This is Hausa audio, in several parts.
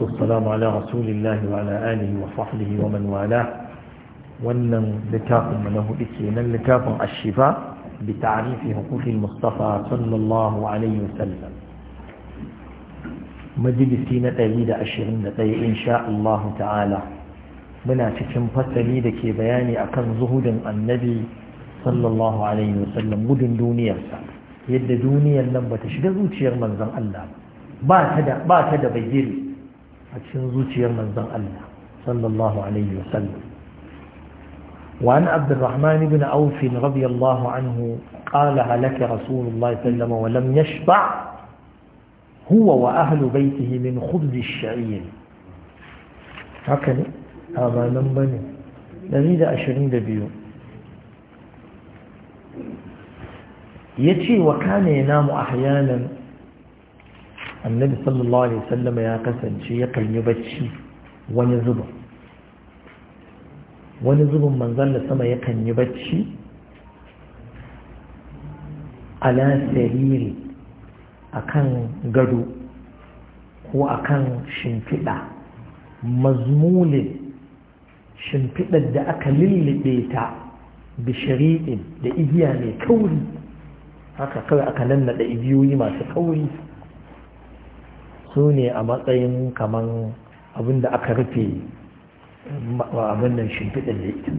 والسلام على رسول الله وعلى آله وصحبه ومن والاه wannan littafin na hudu kenan littafin ashifa bi ta'rifi huquqil mustafa sallallahu alaihi wasallam majalisi na 121 insha Allah ta'ala muna cikin fasali da ke bayani akan zuhudin annabi sallallahu alaihi wasallam gudun duniyarsa yadda duniyar nan bata shiga zuciyar manzon Allah ba ta da ba ta da bayyiri a cikin zuciyar manzon صلى الله عليه وسلم وعن عبد الرحمن بن أوف رضي الله عنه قال هلك رسول الله صلى الله عليه وسلم ولم يشبع هو وأهل بيته من خبز الشعير هكذا هذا نمبني نزيد أشرين دبيو يتي وكان ينام أحيانا annabi sallallahu alaihi sallama ya kasance ya kan yi bacci wani zubin wani zubin manzon da sama ya kan yi bacci ala sariri akan gado ko akan shimfiɗa mazmulin shimfiɗar da aka lullube ta bishiri'in da igiya mai kauri haka kawai aka nannaɗa igiyoyi masu kauri su ne a matsayin kaman abinda aka rufe abin nan shimfiɗin da ita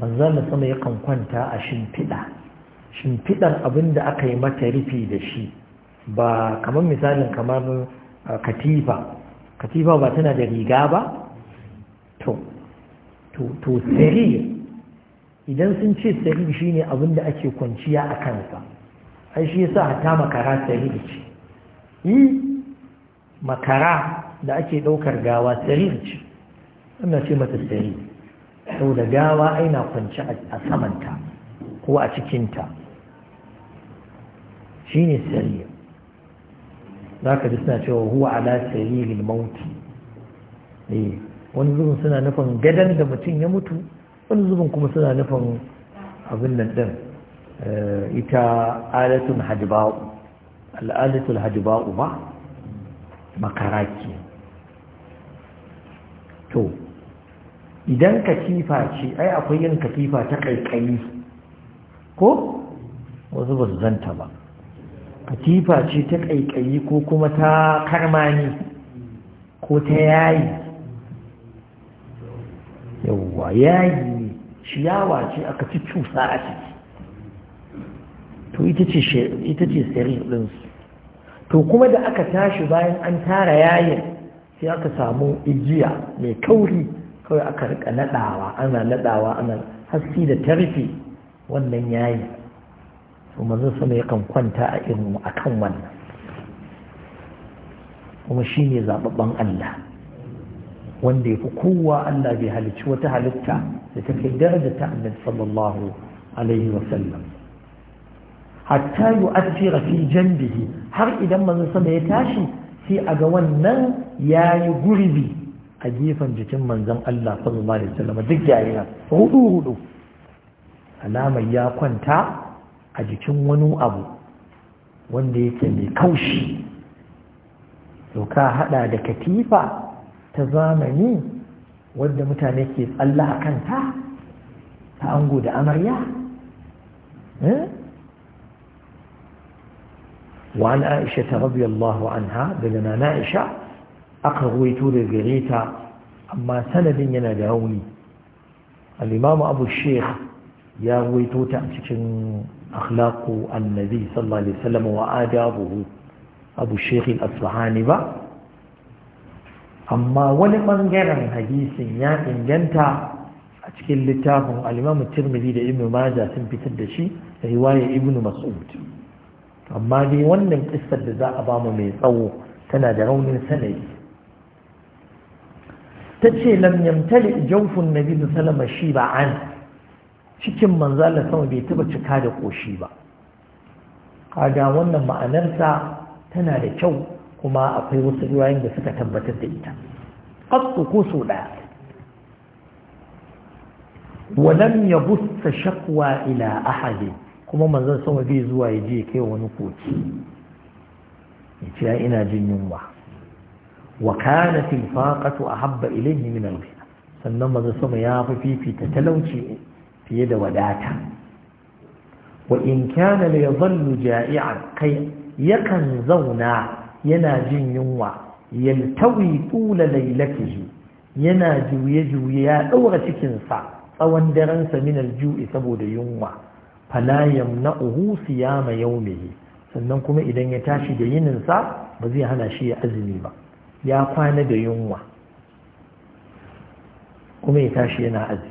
manzan da sama yakan kwanta a shimfiɗa shimfiɗar abin da aka yi mata rufe da shi ba kaman misalin kamar ah, katifa katifa ba tana da riga ba to to sarir idan sun ce sarir shine abin da ake kwanciya a kansa ai shi yasa Hata makara da ce yi makara da ake ɗaukar gawa da ce ana ce mata sau da gawa aina kwanci a samanta ko a cikinta shi ne za ka ji suna cewa huwa ala saririn mauti eh, wani zubin suna nufin gadon da mutum ya mutu wani zubin kuma suna nufin abin nan ɗin Eh, ita alatun hajiba'u al'alatul hajiba'u ba makaraki to idan katifa ce ai akwai yin katifa ta kaikayi ko wasu ba su zanta ba katifa ce ta kaikayi ko kuma ta karmani ko ta yayi yawwa yayi ciyawa ce aka ci cusa a ciki to ita ce ita ɗinsu to kuma da aka tashi bayan an tara yayin sai aka samu igiya mai kauri kawai aka rika naɗawa ana naɗawa ana haski da tarfi wannan yayi to manzo sama yakan kwanta a irin akan wannan kuma shine zababban Allah wanda fi kowa Allah bai halicci wata halitta da ta kai daraja ta Annabi sallallahu alaihi wasallam hatta yu'athira fi janbihi har idan manzon sama ya tashi sai a ga wannan yayi gurbi a gefen jikin manzon Allah sallallahu alaihi wasallam duk yayin hudu hudu alamar ya kwanta a jikin wani abu wanda yake mai kaushi to ka hada da katifa ta zamani wadda mutane ke tsalla kanta ta ango da amarya eh? وعن عائشة رضي الله عنها دلنا نائشة أقرويتو للغريتا أما سند ينادعوني الإمام أبو الشيخ يا ويتو تأتكن أخلاق النبي صلى الله عليه وسلم وآدابه أبو الشيخ الأصفهاني با أما ولمن جرم حديث يا إن جنتا أتكن لتابه الإمام الترمذي لابن ماجه سنبتدشي رواية ابن مسعود amma dai wannan kissar da za a ba mu mai tsawo tana da raunin sanadi ta ce lam yamtali jawfun nabi sallama shi ba an cikin manzo sama bai taba cika da ƙoshi ba kaga wannan ma'anarsa tana da kyau kuma akwai wasu riwayoyin da suka tabbatar da ita qattu ko so daya ya yabutsa shakwa ila ahadin kuma manzon sama bai zuwa ya je kai wani koci ya ce ina jin yunwa wa kana fil faqatu ahabba ilayhi min al sannan manzon sama ya fi fifita talauci fiye da wadata wa in kana la yadhallu ja'ian kai yakan zauna yana jin yunwa yaltawi tula lailatihi yana juye-juye ya ɗaura cikinsa tsawon sa min ju'i saboda yunwa na yamna'uhu siyama yawmihi sannan kuma idan ya tashi da yininsa, ba zai hana shi ya azumi ba ya kwana da yunwa kuma ya tashi yana azumi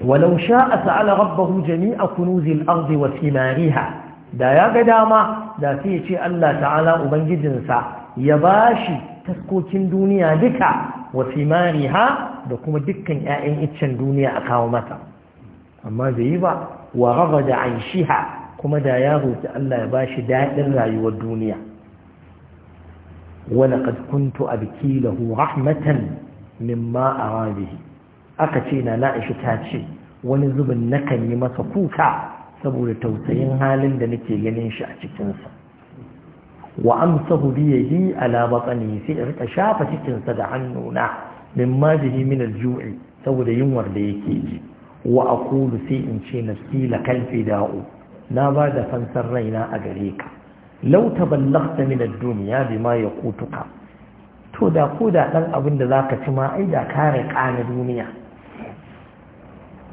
Walausha شاء سأل Jami'a kunuzil كنوز الأرض وثمارها da ya ga dama da sai ce Allah ta'ala ubangijinsa ya bashi taskokin duniya duka Wasimariha da kuma dukkan 'ya'yan iccen duniya a kawo mata amma bai yi ba wa raba da an shiha kuma da ya roƙi Allah ya ba shi daɗin rayuwar duniya wani kuntu a biki lahu rahmatan mimma a rabihi aka ce na na'ishi ta ce wani zubin nakan yi masa kuka saboda tausayin halin da nake ganin shi a cikinsa wa amsahu bi yadi ala batni sai rika shafa cikin sa da hannuna min majihi min al-ju'i saboda yunwar da yake ji wa aqulu sai in ce nafsi la kalfi da'u na ba da fansar raina a gare ka law taballaghta min ad-dunya bima yaqutuka to da ko da dan abin da zaka ci ma ai da kare kana duniya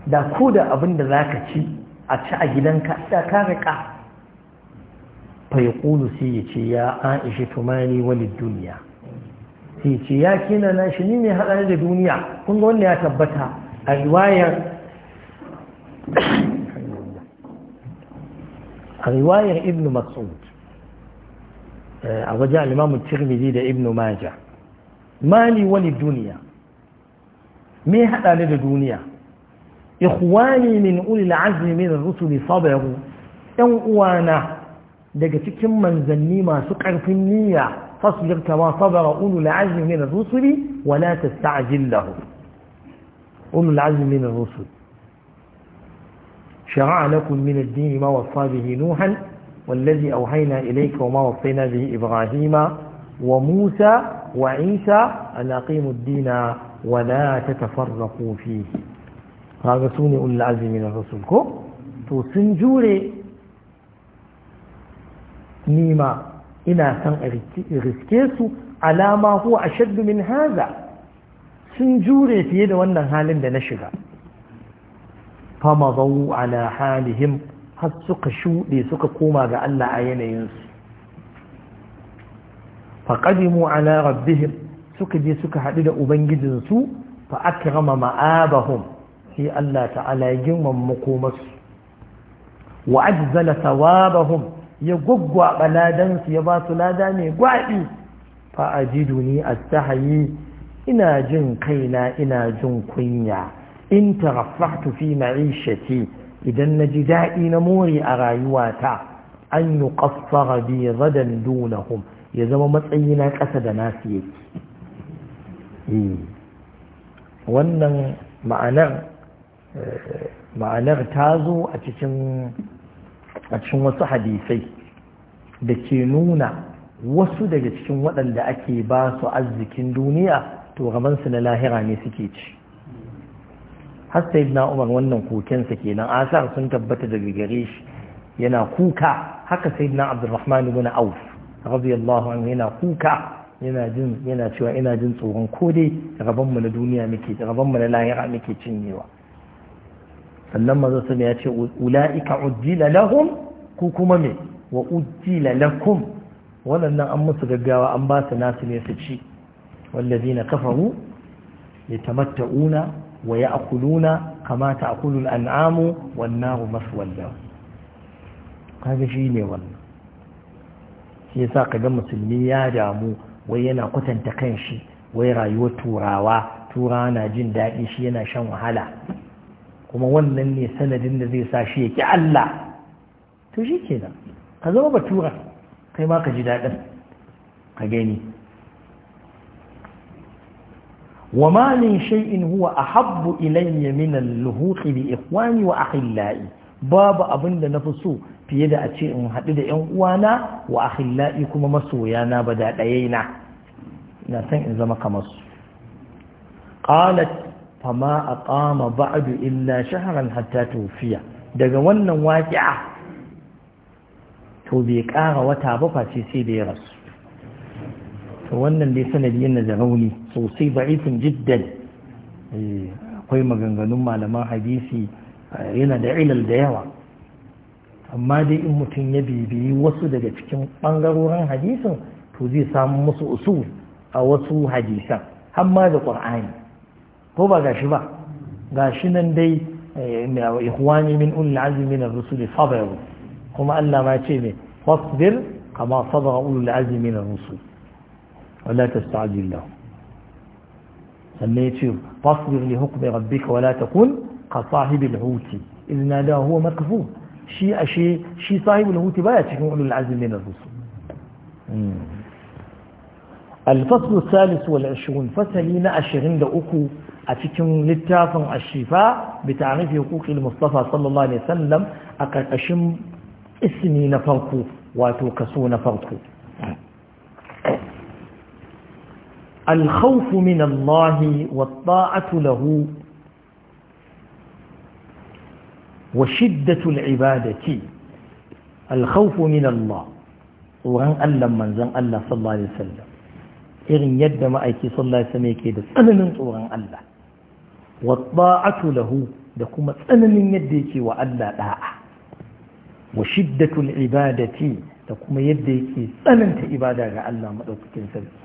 da ko da abin da zaka ci a ci a gidanka da kare ka فيقول سيتي يا عائشة تماني وللدنيا سيتي يا كنا ناشنين هذا الدنيا كن قول يا تبتها الرواية الرواية ابن مسعود الرجاء آه، الإمام الترمذي ابن ماجه مالي وللدنيا ما هذا للدنيا إخواني من أولي العزم من الرسل صبروا أن أوانا daga cikin manzanni masu ƙarfin niyya fasirar kama sabara unu la'azin min rusuli wa la tasta'jil lahu unu la'azin min rusul shara'a lakum min ad ma wasa bihi nuhan wallazi awhayna ilayka wa ma wasayna bihi ibrahima wa musa wa isa an aqimu ad-dina wa la tatafarraqu fihi kaga sunu ul rusul ko to sun jure nima ina son riske su alama huwa ashaddu min haza sun jure fiye da wannan halin da na shiga famadawu ala halihim har suka shuɗe suka koma ga Allah a yanayinsu faƙadimu ala rabbihim suka je suka haɗu da ubangijinsu fa akrama ma'abahum sai Allah ta'ala ya girmama makomarsu wa ajzala thawabahum ya gwaggwaɓa ladansu ya ba su lada mai gwaɗi ji ni a tahayi ina jin kaina ina jin kunya in taraffahtu fi ma'ishati idan na ji daɗi na more a rayuwata an yi ƙaffara bi radan dunahum ya zama matsayi na ƙasa da nasu yake eh, wannan ma'anar eh, ma'anar ta zo a cikin wasu hadisai da ke nuna wasu daga cikin waɗanda ake ba su arzikin duniya to gabansu na lahira ne suke ci hasta umar wannan kokensa kenan asar sun tabbata daga gare shi yana kuka haka sai na abdurrahman ibn auf radiyallahu anhu yana kuka yana jin yana cewa ina jin tsoron ko dai rabanmu na duniya muke rabanmu na lahira muke cinyewa sannan manzo ya ce ula'ika ujjila lahum ku kuma me wa ujjila lakum waɗannan an musu gaggawa an ba su nasu ne su ci wallazina kafaru yatamatta'una wa ya'kuluna kama ta'kulu al'amu wan naru maswal lahum kaga shi ne wannan shi yasa kaga musulmi ya damu wai yana kwatanta kanshi wai rayuwar turawa turawa na jin daɗi shi yana shan wahala kuma wannan ne sanadin da zai sa shi ya ki Allah to shi kenan ka zama batura kai ma ka ji daɗin ka gani wa ma min shay'in huwa ahabbu ilayya min al ikwami bi ikhwani wa akhillai babu abin da nafi so fiye da a ce in haɗu da ƴan uwana wa akhillai kuma masoyana ba da ɗayaina ina san in zama kamar su qalat fama aqama ba'du illa shahran hatta tufiya daga wannan waqi'a to bai kara wata ba face sai da ya rasu to wannan dai sanadi yana da rauni sosai ba'ifin jiddan eh, akwai maganganun malaman hadisi eh, yana da ilal da yawa amma dai in mutum ya bibiyi wasu daga cikin ɓangarorin hadisin to zai samu musu usul a wasu hadisan har ma da ƙwar'ani ko ba ga shi ba Ga shi nan dai eh, ikhwani min ulul azumi na ar-rusul sabaru kuma Allah ma ce ne wasbir kama sabara ulul azmi min ar-rusul wala tasta'jil lahu sannan ya ce fasbir li hukmi rabbika wala takun ka sahibil huti idh nada huwa makfur shi ashe shi sahibul huti baya cikin ulul azmi min ar-rusul الفصل الثالث والعشرون فسلين عشرين دقوكو أتكن للتافن الشفاء بتعريف حقوق المصطفى صلى الله عليه وسلم أقرأشم ismi na farko wato kaso na farko الخوف من الله والطاعه له وشده العباده الخوف من الله وان الله من زن الله صلى الله عليه وسلم irin yadda ma'aiki sallallahu alaihi wasallam yake da tsananin tsoron Allah wa ta'atu lahu da kuma tsananin yadda yake wa Allah ɗa'a. wa shiddatul ibadati da kuma yadda yake tsananta ibada ga Allah madaukakin sarki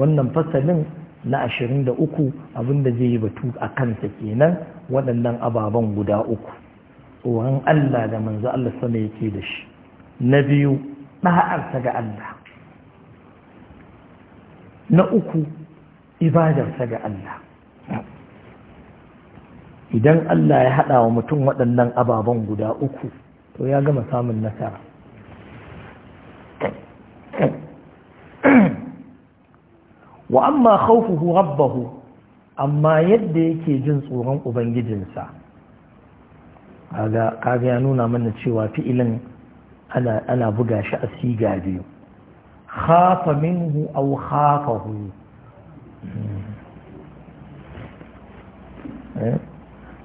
wannan fasalin na ashirin da abinda zai yi batu a kansa kenan waɗannan ababen guda uku tsoron Allah da manzo Allah sama yake da shi na biyu ɗa'arsa ga Allah na uku ibadarsa ga Allah idan Allah ya haɗa wa mutum waɗannan ababen guda uku to ya gama samun nasara wa amma khawfuhu rabbahu amma yadda yake jin tsoron ubangijinsa kaga ya nuna mana cewa fi'ilin ana buga shi a siga biyu khafa minhu aw khafahu eh?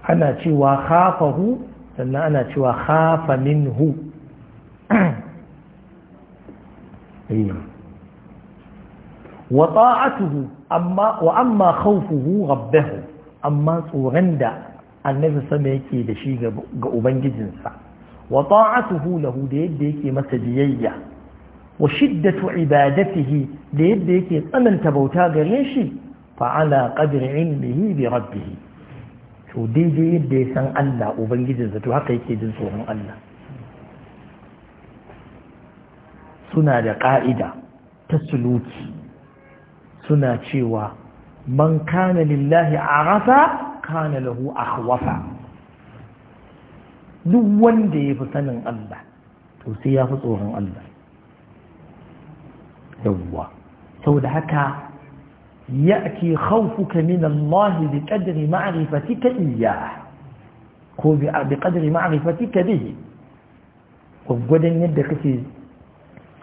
ana cewa khafahu sannan ana cewa khafa minhu wa ta'atuhu wa amma khawfuhu rabbahu amma tsoron da annabi sama yake da shi ga ubangijinsa wa ta'atuhu lahu da yadda yake masa biyayya wa shiddatu ibadatihi da yadda yake tsananta bauta gare shi fa ala qadri ilmihi bi rabbihi to daidai yadda ya san Allah ubangijinsa to haka yake jin tsoron Allah suna da ƙa'ida ta suluki suna cewa man kana lillahi arafa kana lahu ahwafa duk wanda ya fi sanin Allah to sai ya fi tsoron Allah yawwa sau da haka يأتي خوفك من الله بقدر معرفتك إياه بقدر معرفتك به وقدن يدك to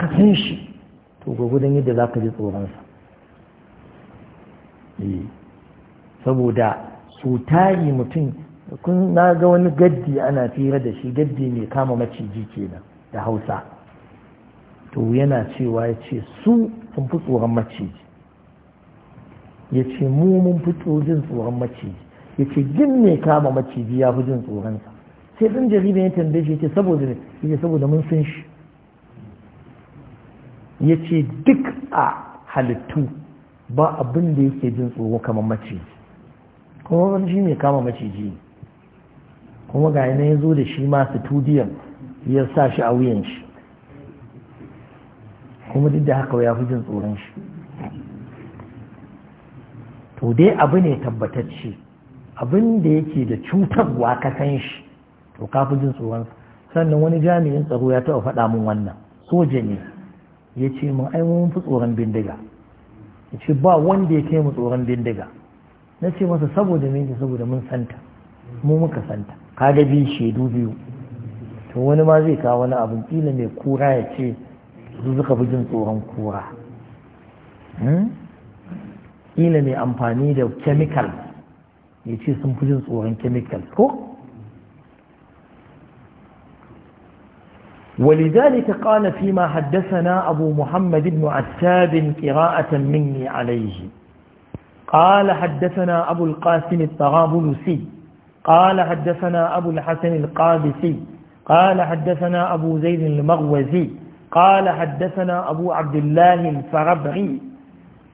قسنشي yadda يد ذاك دي طورانسا saboda su tari mutum kun na ga wani gaddi ana fira da shi gaddi mai kama maciji kenan da hausa to yana cewa ya ce su sun fi tsoron maciji ya ce mu mun fito jin tsoron maciji ya ce gin ne kama maciji ya fi jin tsoronsa sai ɗin jarida ya tambaye shi ya ce saboda ya ce saboda mun san shi ya ce duk a halittu ba abin da yake jin tsoro kamar maciji kuma wani shi mai kama maciji kuma ga yana ya zo da shi ma studiyon ya sa shi a wuyan shi kuma duk da haka ya fi jin tsoron shi to dai abu ne tabbatacce abin da yake da cutarwa ka san shi to ka jin tsoron sannan wani jami'in tsaro ya taɓa faɗa min wannan soja ne ya ce mun ai mun fi tsoron bindiga ya ce ba wanda ya kai mu tsoron bindiga na ce masa saboda mai saboda mun santa mu muka santa Ka ga bi shaidu biyu to wani ma zai kawo wani abin kila mai kura ya ce su suka fi jin tsoron kura hmm? kila mai amfani da chemical ya ce sun fi jin tsoron chemical ko ولذلك قال فيما حدثنا أبو محمد بن عتاب قراءة مني عليه قال حدثنا أبو القاسم الطرابلسي قال حدثنا أبو الحسن القادسي قال حدثنا أبو زيد المغوزي قال حدثنا أبو عبد الله الفربغي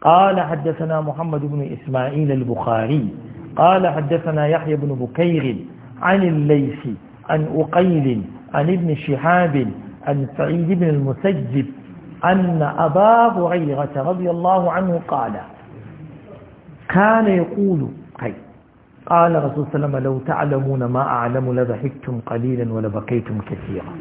قال حدثنا محمد بن إسماعيل البخاري قال حدثنا يحيى بن بكير عن الليث عن أقيل عن ابن شهاب عن سعيد بن المسجد أن أبا هريرة رضي الله عنه قال كان يقول كي قال رسول الله عليه وسلم لو تعلمون ما أعلم لضحكتم قليلا ولبقيتم كثيرا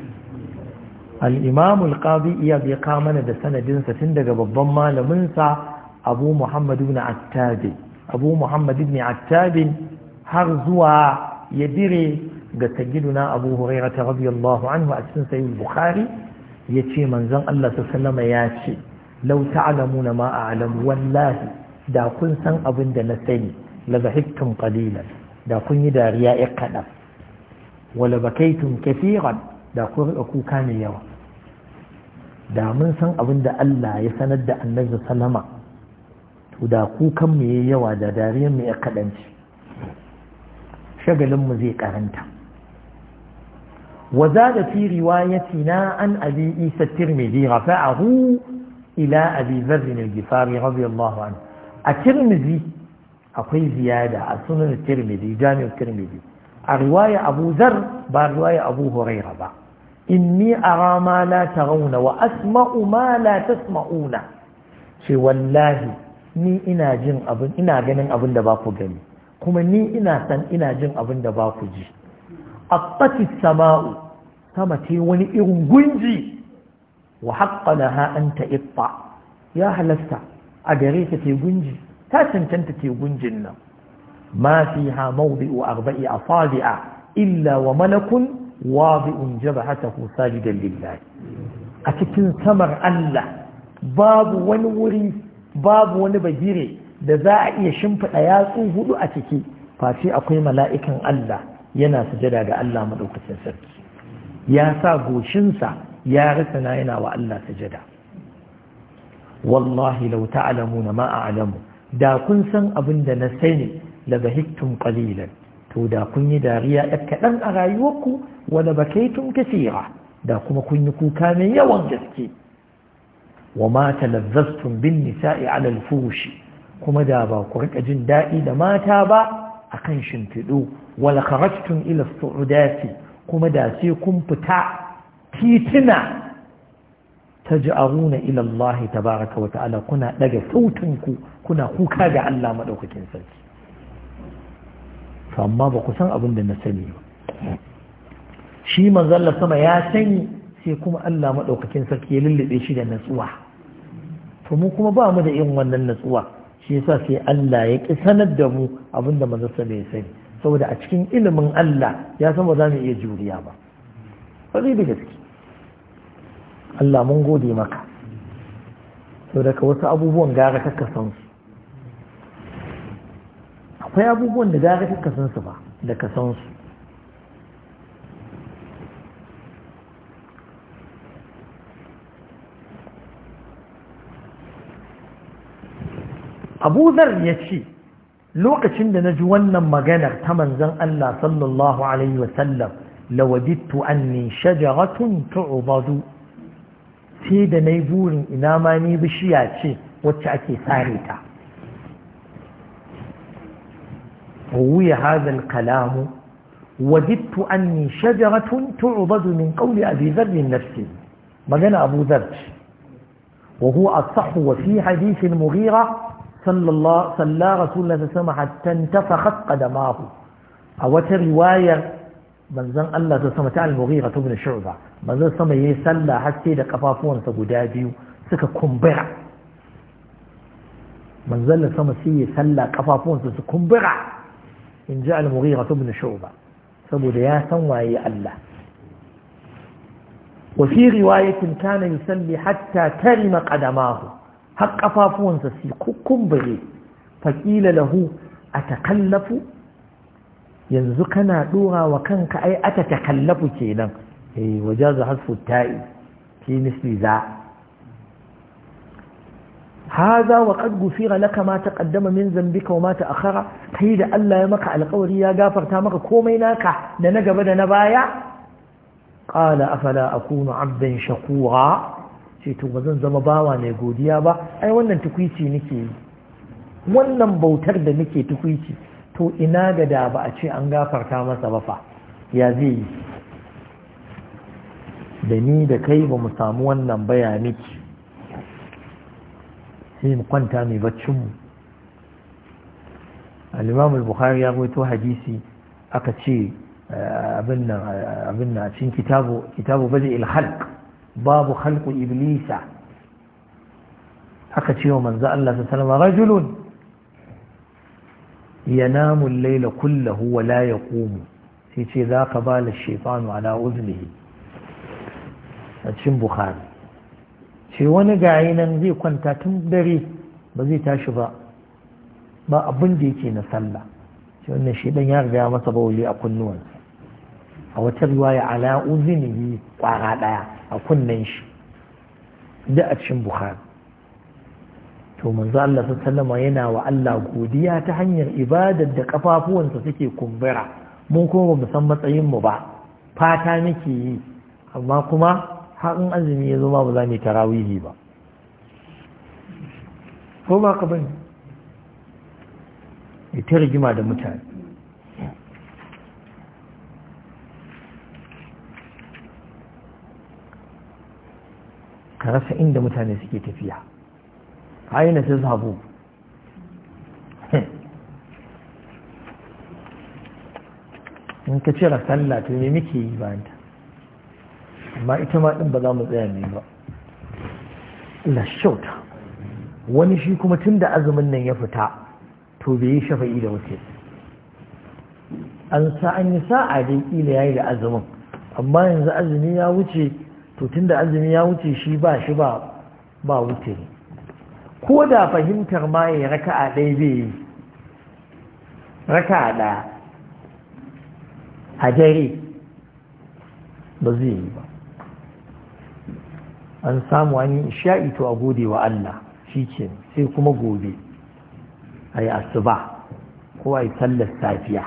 الإمام القاضي إياد يقامنا دسنة جنسة تندق بالضمة لمنسى abu muhammad ibn attabi abu muhammad ibn attabi har zuwa ya dire ga sayyiduna abu hurairata allahu anhu a cikin sahih bukhari ce manzon Allah sallallahu ya ce law na ma a'lamu wallahi da kun san abin da na sani la zahiktum qalilan da kun yi dariya ya kada wala bakaitum kaseeran da kun kuka ne yawa da mun san abin da Allah ya sanar da annabi sallama to kukanmu kukan yawa da dariyar mu ya kaɗanci, shagalin mu zai karanta waza da fi riwayati na an abi isa Tirmizi rafa'ahu ila abi dharr a Tirmizi akwai ziyada a sunan tirmidhi jami'u Tirmizi, a riwaya abu dharr ba riwaya abu hurayra ba inni ara ma la tarawna wa asma'u ma la tasma'una ce wallahi ni ina jin abin ina ganin abin da ba ku gani kuma ni ina san ina jin abin da ba ku ji aqtati sama'u sama ce wani irin gunji wa haqqalaha an ta'itta ya halasta a gare ta ce gunji ta cancanta ce gunjin nan ma fiha mawdi'u arba'i asabi'a illa wa malakun wadi'un jabhatahu sajidan lillahi a cikin samar Allah babu wani wuri babu wani bagire da za a iya shimfiɗa yatsu hudu a ciki face akwai mala'ikan Allah yana sujada ga Allah maɗaukacin sarki ya sa goshinsa ya rasana yana wa Allah sujada wallahi lau ta'alamu na ma'a'alamu da kun san abin da na sani daga hiktun ƙalilan to da kun yi dariya ɗan kaɗan a rayuwarku wa ba kai tun da kuma kun yi kuka mai yawan gaske wa mata talazzastum bin nisa'i ala al kuma da ba ku rika jin daɗi da mata ba akan shimfiɗu wala kharajtum ila as-su'udati kuma da sai kun fita titina taj'aruna ila Allah tabaaraka wa ta'ala kuna daga sautunku kuna kuka ga Allah madaukakin sarki amma ba ku san abin da na sani ba shi manzon sama ya sani sai kuma Allah madaukakin sarki ya lulluɓe shi da natsuwa to mu kuma ba mu da irin wannan natsuwa shi yasa sai Allah ya ki sanar da mu abinda manzo bai sani saboda a cikin ilimin Allah ya san ba za mu iya juriya ba kwarai da gaske Allah mun gode maka saboda ka wasu abubuwan gara kaka san su akwai abubuwan da gara kaka san su ba da ka san su abuzar ya ce lokacin da na ji wannan maganar ta manzan Allah sallallahu Alaihi wasallam lawajittu an ne shajaratun ta'ubadu sai da na yi burin ina ma ni bishiya ce wacce ake sare ta wuya hazal kalamu wajittu an ne shajaratun ta'ubadu nin kauli a zizar din nafsi magana abuzar ce وهو الصح وفي حديث المغيرة صلى الله صلى رسول الله صلى الله عليه وسلم حتى انتفخت قدماه أو رواية من زن الله صلى الله عليه المغيرة بن شعبة من زن صلى الله يسلى حتى دا قفافون سبوداجيو سكا كمبرع من زن صلى الله عليه يسلى قفافون سكا كمبرع إن جاء المغيرة بن شعبة سبودا يا الله وفي رواية كان يسلي حتى ترم قدماه har kafafuwansa su kukkumbure faƙila lahu a takallafu yanzu kana ɗora wa kanka ai a takallafu kenan eh waje za hasfu ta'i fi misli za haza wa qad gufira laka ma taqaddama min zambika wa ma ta'akhara kai da Allah ya maka alƙawari ya gafarta maka komai naka da na gaba da na baya qala afala akunu abdan shakura ce to ba zan zama bawa mai godiya ba ai wannan tukwici nake yi wannan bautar da nake tukwici to ina ga da ba a ce an gafarta masa ba fa ya zai yi da ni da kai ba mu samu wannan bayani sai mu kwanta mai baccin mu al-imam al-bukhari ya rawaito hadisi aka ce eh, eh, abin nan a cikin kitabu kitabu bazi il babu halku iblisa aka ce wa manzo Allah ta salama rajulun yanamu laila kullahu wa la yaqumu sai ce za ka ba shaytanu ala uznihi a cikin bukhari ce wani gayi nan zai kwanta tun dare ba zai tashi ba ba abin da yake na sallah ce wannan shi dan ya riga masa bawuli a kunnuwansa a wata riwaya ala ƙwara kwara daya a kunnen shi da a cikin bukhari to manzo Allah salama yana wa Allah godiya ta hanyar ibadar da kafafuwansa suke kumbura mun kuma ba san matsayin mu ba fata nake yi amma kuma har in azumi ya zo ma ba za mu tarawihi ba ko ba ka bani ita rigima da mutane ka rasa inda mutane suke tafiya aina ta zabu in ka cire sallah to ne muke yi bayan ta amma ita ma din ba za mu tsaya ne ba Lashauta wani shi kuma tun da azumin nan ya fita to bai yi shafa'i da wuce an sa an yi sa'a dai kila yayi da azumin amma yanzu azumi ya wuce to tunda azumi ya wuce shi ba shi ba ba wuce ko da fahimtar ma ya raka'a ɗaya bai yi raka'a ɗaya a dare ba zai yi ba an samu wani yi sha'i to a gode wa Allah shi ce sai kuma gobe a yi asuba ko a yi sallar safiya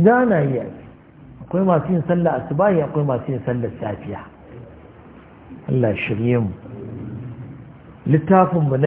na na yi akwai masu yin sallar asuba akwai masu yin sallar safiya Allah shirye mu littafin mu na